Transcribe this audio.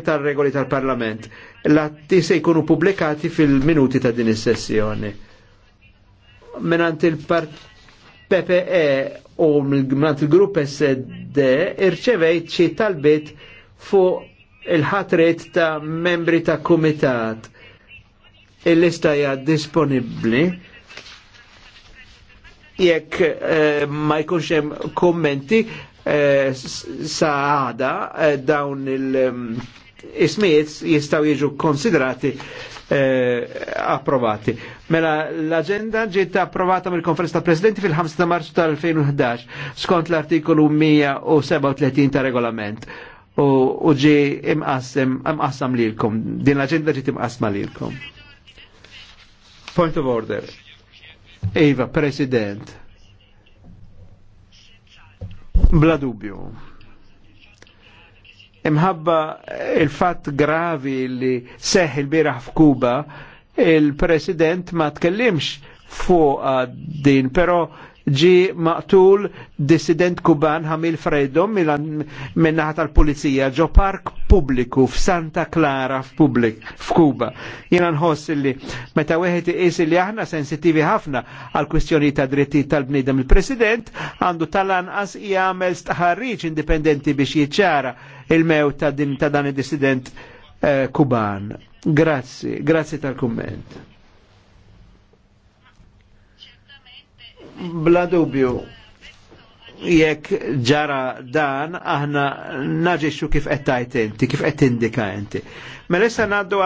tal-regoli tal-Parlament. L-atti se jkunu pubblikati fil-minuti ta' din is-sessjoni. Menant il-PPE u menant il-grupp SD irċevejt xi talbit fuq il-ħatret ta' membri ta' kumitat. Il-lista hija disponibbli jekk eh, ma jkunx hemm kummenti Eh, saħada eh, dawn il-ismiet jistaw jiġu konsiderati eh, approvati. Mela l-agenda ġiet approvata mill-Konferenza tal-Presidenti fil-5 ta' Marzu tal-2011 skont l-artikolu 137 ta' regolament. U ġi imqassam lilkom, din l-agenda ġiet imqassma lilkom. Point of order. Eva, President. Bla dubju. Imħabba il-fat gravi li seħ il-biraħ f'Kuba, il-president ma tkellimx fuq din, pero ġi maqtul dissident kuban Hamil Fredo minnaħat tal-pulizija ġo park pubbliku f'Santa Clara f'Publik f'Kuba. Jina nħoss li meta wieħed is li aħna sensitivi ħafna għal kwistjoni ta' dritti tal-bnidem il-President għandu tal-anqas għamel stħarriġ indipendenti biex jiċċara il-mew ta' din ta' dan id-dissident eh, kuban. Grazzi, grazzi tal-kumment. Bla dubju, jekk ġara dan, aħna naġiċu kif qed tajt inti, kif qed indika inti. Mela issa ngħaddu